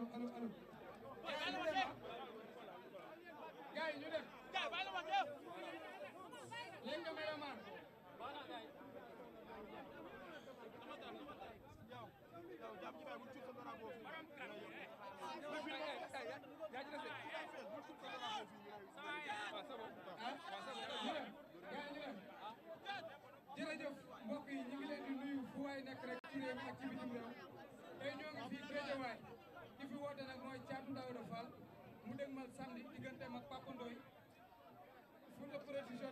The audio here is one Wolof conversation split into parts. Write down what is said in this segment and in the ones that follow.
allo allo allo. gars yi ñu dem. léegi nga may amaat. yaa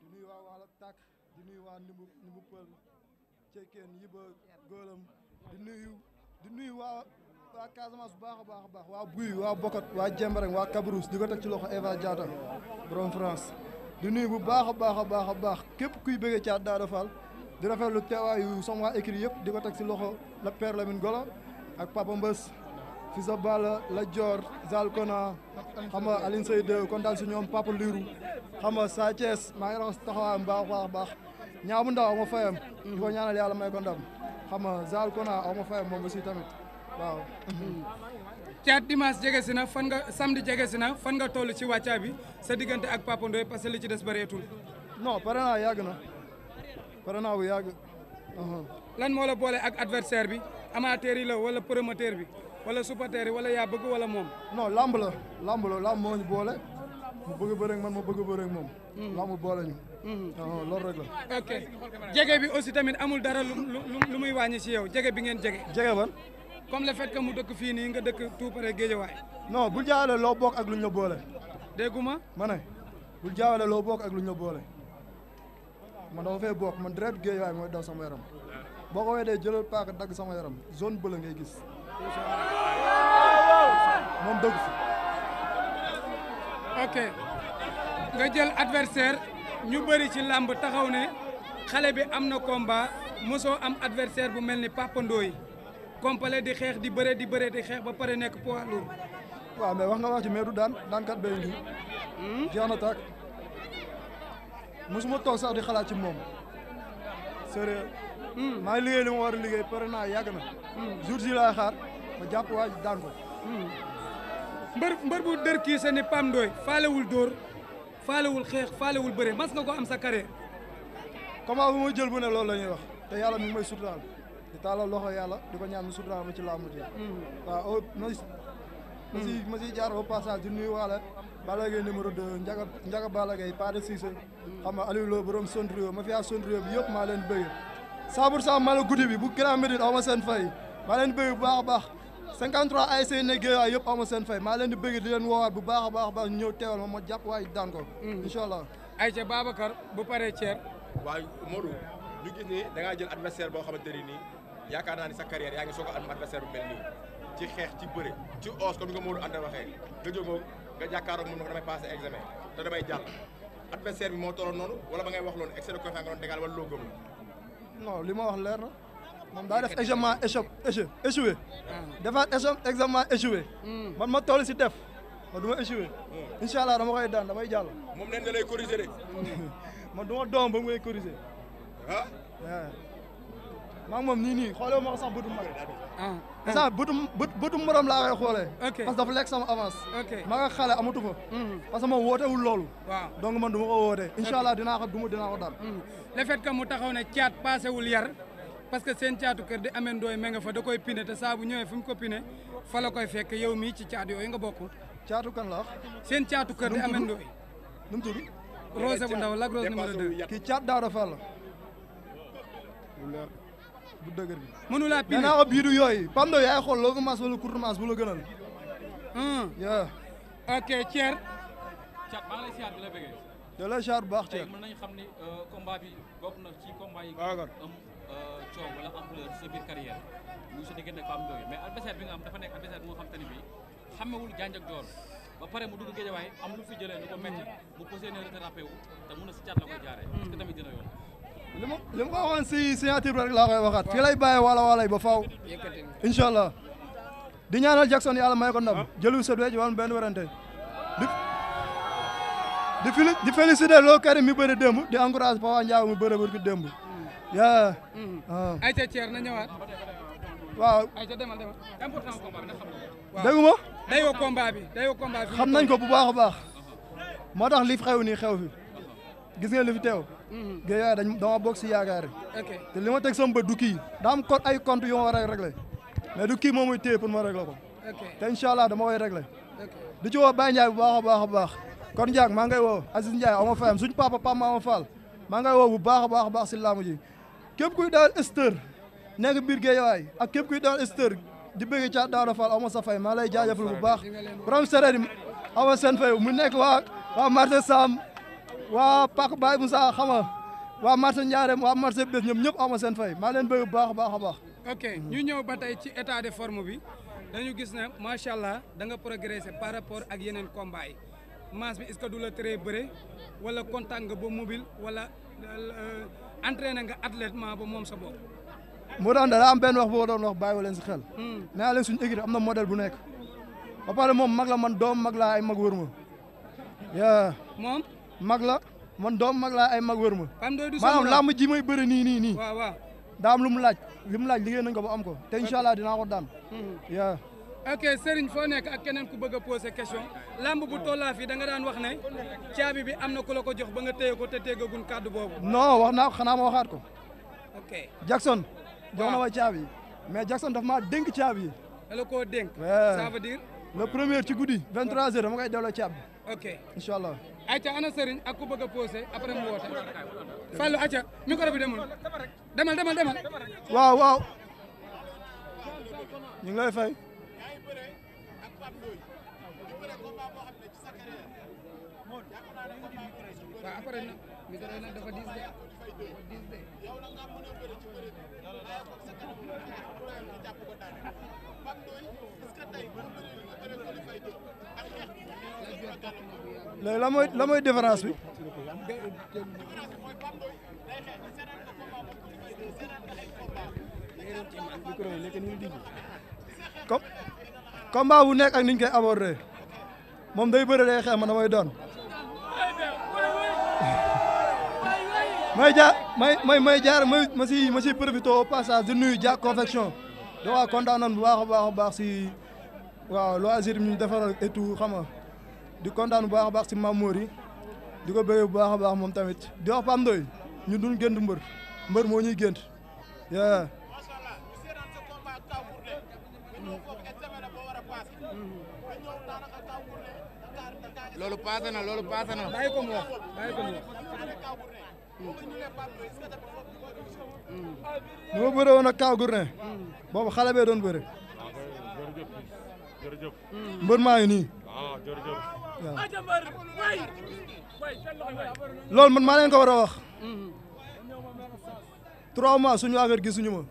di nuyu waa Waalo Tàkk di nuyu waa Ndimbu Ndimbu Pël Cekkeen Yiba Góolam di nuyu di nuyu waa waa Casamance bu baax a baax a baax waa Buy waa Bokot waa Jembareng waa Kabrousse di ko teg ci loxo Eva Diatta borom France di nuyu bu baax a baax a baax a baax képp kuy bëggee caat Daara fal di rafetlu teewaayu sama waa écrit yëpp di ko teg ci loxo la Père Golo ak Papa Mbës Fils de Balla Lat Dior Zalkona xam nga Alioune Seye 2 kontaan si ñoom Papa Lirou xam nga Sa Thiès maa ngi rafetlu taxawaayam baax baax baax ñaa bu ndaw aw ma fayam. di ko ñaanal yàlla may ko ndam xam nga aw ma fayam moom aussi tamit waaw. caat dimanche jege si na fan nga samedi jege si na fan nga toll ci wàccaa bi sa diggante ak Papa Ndoye parce que li ci des bëreetul. non pare naa yàgg na pare naa bu yàgg. lan moo boole ak adversaire bi amateur yi la wala promoteur wala supporter yi wala yaa bëgg wala moom. noo lamb la lamb la lamb moo ñu boole mu man ma a bëre ak moom. Hmm. boole hmm. ok jege bi aussi tamit amul dara lu muy wàññi si yow jege bi ngeen jege. jege ban. comme le fait que mu dëkk fii nii nga dëkk tout près Guédiawaye. non bul jaawale loo bokk ak lu ñu boole. dégguma ma ne bu jaawale loo bokk ak lu ñu boole man dama fee bokk man direct Guédiawaye mooy daw sama yaram boo ko weedee jëlal paaka dagg sama yaram zone bële ngay gis. moom dëgg fi ok nga jël adversaire ñu bëri ci làmb taxaw ne xale bi am na combat mosoo am adversaire bu mel ni Papa Ndoye complet di xeex di bëre di bëre di xeex ba pare nekk poids lourd waaw mais wax nga wax ci mais du daan daan kat béy ngi hmm? jeex na tàkk mosuma toog sax di xalaat ci moom sérieux hmm. maa ngi liggéey li ma war a liggéey pare naa yàgg na hmm. jour si laay xaar ma jàpp waa daan ko mbër mbër bu dër kii sa ni Pam Ndoye faalewul dóor faalewul xeex faalewul bëre mas nga am sa carrière comment ma jël bu ne loolu la ñuy wax te yàlla mi ngi may suturaal di loxo yàlla di ko ñaan mu suturaal ma ci làmb ji mm-hmm. waaw oh, ma si ma si jaar au passage di nuyu waale Balla Gaye numéro 2 Ndiaga Ndiaga Balla Gaye Pade Cissé xam nga Aliou ma fiyaa Sondrio bi yëpp maa leen bëgg cent pour cent mala guddi bu Grand Médine aw ma seen fay maa 53 ASC Negueye waay yëpp ama seen fay maa leen di bëgg di len woor bu baax a baax baax ñëw teewal ma ma daan ko mm. incha allah ayca Babacar bu paree Thier way Modou ñu gis ni da ngaa jël adversaire bo xamante ni nii yaakaar naa sa carrière yaa ngi soog am adversaire bu melni nii ci xeex ci bëre ci os comme ni ko Modou Anta waxee nga jógoo nga jàkkaaroog mun na damay passer examen te damay jàll adversaire bi mo tolloon noonu wala ba ngay wax loolu excès de confiance nga doon dégal wala loo gëm non li ma wax leer moom daa def examen échec échoué. Ah. defaat examen échoué. Hmm. man ma toll si def ma du ma échoué. incha allah dama koy daan damay jàll. moom nee na lay corriger de. man du ma doom ba mu corriger. ah. maa ngi moom nii nii xoolee ma ko sax mag. Ah, ah. sax laa koy xoolee. ok parce que dafa lekk sama avance. ok maa nga xale amatu ko. Hmm. parce que moom wootewul loolu. waaw donc man du ma ko wootee. incha allah dinaa ko duma dinaa ko hmm. le fait que mu taxaw ne caat yar. parce que seen caatu kër di amee ndooy me nga fa da koy pine te saa bu ñëwee mu ko pine fa koy fekk yow mii ci caat yooyu nga bokk. caatu kan la seen caatu kër di amee ndooy. nu mu tudd Rose bu ndaw Lac Rose numéro 2. kii caat Daara Fall bu dëgër bi mënu laa pine naa ko biiru yooyu PAM do yaay xool longue masse wala courte masse bu la gënal. ok Thier. Thiat baax Thier. xam ni euh, combat Eh, coow hmm. wala ampleur sa biir carrière mu sa diggante ak Pape Ndoye mais adversaire bi nga am dafa nekk adversaire bu nga xam te ni bi xamewul janj ak joor ba pare mu dugg géejawaay am lu fi jëlee lu ko metti mu posé ne rattrapé wu te mun a si caat la koy jaaree est ce que tamit dina yoon li ko waxoon si signature bi rek laa koy waxaat fii lay bàyyi wala walay ba faaw inshallah allah di ñaanal Jackson yàlla may ko ndam jëlu sa dweej woon benn werante di di félicité karim mi bëri démb di encourage Papa mi mu bëri bëri démb yaa waaw. ayca Thier na ñëwaat. waaw. ayca demal demal. déggu ma. dayoo bi dayoo combat xam nañ ko bu baax a baax. moo tax li fi xew nii xew fi. gis nga li fi teew. Mm-hmm. Guèye dañ dama bokk si yaakaar yi. te li ma teg sama bët du kii. daa am ay compte yu ma war a réglé. mais du kii moom muy téye pour ma réglé ko. te incha allah dama koy réglé. du ci woo Baye Ndiaye bu baax a baax baax. kon Ndiak maa ngay woo Aziz Ndiaye aw ma fayam suñ papa papa maa ma faal maa ngay woo bu baax a baax a baax si laamu ji. képp kuy daal star nekk biir Guédiawaye ak képp kuy daal star di bëgg ca Daouda Fall aw ma sa fay maa lay jaajëfal bu baax borom sereer yi awa seen fay mu nekk waa waa marché Sam waa Pàcc Baye Moussa xama waa marché Ndiarème waa marché Bés ñoom ñëpp aw ma seen fay maa leen bëgg bu baax a baax a baax ok ñu ñëw ba tey ci état de forme bi dañu gis ne macha allah da nga progressé par rapport ak yeneen combat yi masse bi est-ce que du la teree bëre wala kontaan nga ba mobile antre euh, na nga athlètement ba moom sa bopp. moo tax da am benn wax boo doon wax bàyyi leen si xel. Hmm. mais léegi suñu équipe am na modèle bu nekk. ba pare moom mag la man doom mag laa ay mag wër ma. moom mag la man doom mag laa ay mag wër ma. maanaam ji may bëri nii nii nii. waaw daa am lu mu laaj li mu laaj liggéey nañ ko ba am ko te incha allah dinaa ko daan. Hmm. ok Serigne foo nekk ak kenen ku bëgg poser question lamb bu tollaa fi da nga daan wax ne caabi bi amna ku la ko jox ba nga téye ko te téyegagun kàddu bobu. non wax na xana xanaa ma waxaat ko. ok Jackson. jox na wa caabi mais Jackson daf ma denk caabi yi. da la ça veut dire. le premier ci goudi 23h dama koy delloo caabi. ok Inshallah. allah. ayca ana Serigne ak ku bëgg poser après mu woote. Fallou ayca micro bi demul demal demal demal. waaw waaw. ñu ngi lay fay. bëre ak Pape Ndoye di bëre combat boo xam ne ci sa carrière yaakaar naa ne combat bëre ci bëre waaw après nag mi doon nag dafa diis de dafa diis de yow nag nga mën a bëre ci bëre waaye foog sa kanam mu xeex bu rëyal nga jàpp ko daane Pape Ndoye est-ce que tey bu bëre li nga bëre ko li fay dëgg ak xeex bi léegi la mooy la mooy différence bi différence bi mooy Pape Ndoye day xeex di seetaan ko combat moom ko li fay dëgg seetaan ko ay combat comme combat bu nekk ak niñ koy aborder moom day bëre day xeex ma damay doon may jaar may may may jaar may ma si ma si profité au passage di nuyu Diack confection da waa kontaanoon bu baax a baax a baax si waaw loisir mi ñu defaral et tout xam nga di kontaan bu baax a baax si Mamour yi di ko bëggee bu baax a baax moom tamit di wax Pam ñu duñ gënt mbër mbër moo ñuy gënt loolu paase na loolu paase na. bàyyi ma bëree woon ak Kaaw boobu xale bee doon bëre. mbër maa ngi nii. waaw jërëjëf. loolu man maa leen ko war a wax. trois mois suñu affaire gisuñu ma.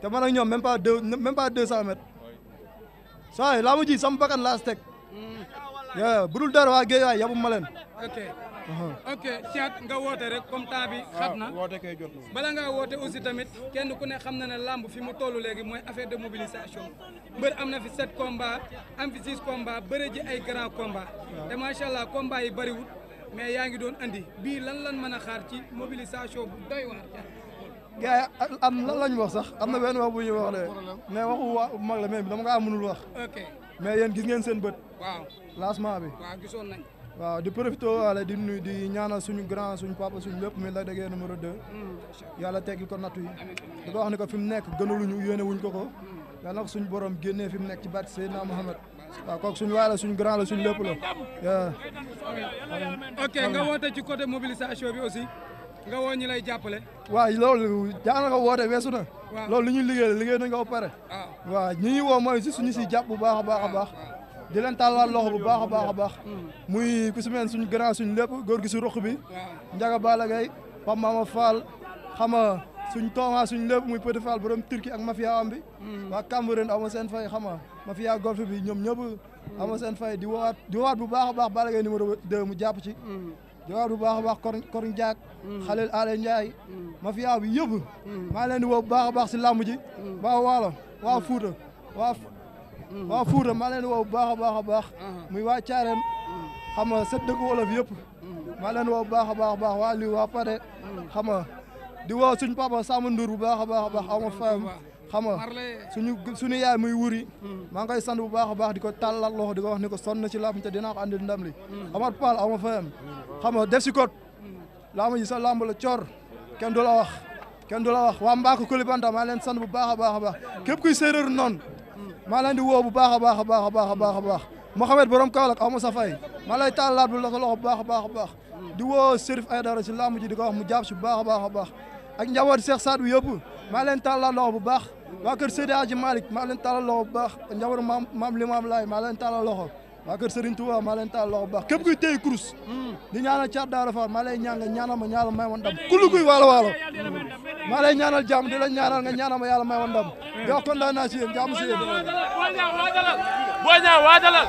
te man ak ñoom même pas deux même pas deux cent mètres. saa ma ji sama bakkan laas teg. bu dul dara waa Guèye waay yabu ma leen. ok ok Thiat nga woote rek comme temps bi. xat na woote kay jot na. bala ngaa woote aussi tamit kenn ku ne xam na ne làmb fi mu toll léegi mooy affaire de mobilisation mbër am na fi sept combats am fi six combats bëre ji ay grand combats. te macha allah combats yi bëriwul mais yaa ngi doon andi bii lan lan mën a xaar ci mobilisation bu doy waar. gars yi am lan lañ wax sax am na benn wax bu ñuy wax de mais waxu waa mag la mais dama ko amunul wax. ok mais yéen gis ngeen seen bët. waaw lancement bi. waaw gisoon nañ waaw di profité waale di nuyu di ñaanal suñu grand suñ papa suñu lëpp mi la déggee numéro 2. Mm, yàlla teggil ko nattu yi. di ko wax ne ko fi mu nekk gënaluñu yéene wuñ ko ko. Mm. yàlla na ko suñu borom génnee fi mu nekk ci barke Seydina Mohamed. waaw kooku suñu waay la suñu grand la suñu lépp la. ok nga woote ci côté mobilisation bi aussi. nga woo ñi lay jàppale. waaw loolu daanaka woote weesu na. loolu li ñuy liggéey liggéey nañ ko ba pare. Ah. waaw ñi ñuy woo mooy si suñu si jàpp bu baax a baax a baax. Ah, ah. di leen tàllal loxo bu baax a baax a baax muy ku si mel suñ grand suñ lépp góor gi si ruq bi njaga Balla Gaye Pam Mama Fall xama suñ tooma suñ lépp muy Petit Fall borom turki ak mafia am bi waa Cambérène ama seen fay xama mafia golf bi ñoom ñëpp ama seen fay di woowaat di woowaat bu baax a baax Balla Gaye numéro 2 mu jàpp ci di woowaat bu baax a baax kor kor njaak xalil ale Ndiaye mafia bi yëpp maa leen di woo bu baax a baax si làmb ji waa waalo Mm-hmm. waa Fuuta maa leen woo bu baax a baax a baax uh-huh. muy waa Caareem mm-hmm. xam nga sa dëkk wolof yëpp mm-hmm. maa leen woo bu baax a baax a baax waa Liw waa Pare xam nga di woo suñ papa Samba Ndour bu baax a baax a baax aw ma fayam xam nga suñu suñu yaay muy wuri maa ngi koy sant bu baax a baax di ko tàllal loxo di ko wax ni ko sonn ci làmb te dinaa ko andil ndam li Amar Pall aw ma fayam xam nga def si kot làmb ji sa làmb la coor kenn du la wax kenn du la wax waa Mbacke Koulibanta maa leen sant bu baax a baax a baax képp kuy séeréer noonu maa leen di woo bu baax a baax a baax a baax a baax a baax Mouhamed borom Kaolack aw ma sa fay maa lay tàllaat bu la sa loxo bu baax a baax a baax di woo Serif Aydara si laamu ji di ko wax mu jàpp si bu baax a baax a baax ak njaboot Cheikh Sadou yëpp maa leen tàllaat loxo bu baax waa kër Seydi Hadji Malick maa leen tàllaat loxo bu baax njaboot maam maam Limaam Laay maa leen tàllaat loxo waa kër Serigne Touba maa leen tàllaat loxo bu baax képp kuy téye kurus di ñaanal caat daara faat maa lay ñaan nga ñaanal ma ñaanal may ma ndam kullu kuy waalo waalo maa lay ñaanal jàmm di la ñaanal nga ñaanal ma yàlla may woon ndam di wax kontaan naa si yéen jàmm si yéen boo waajalal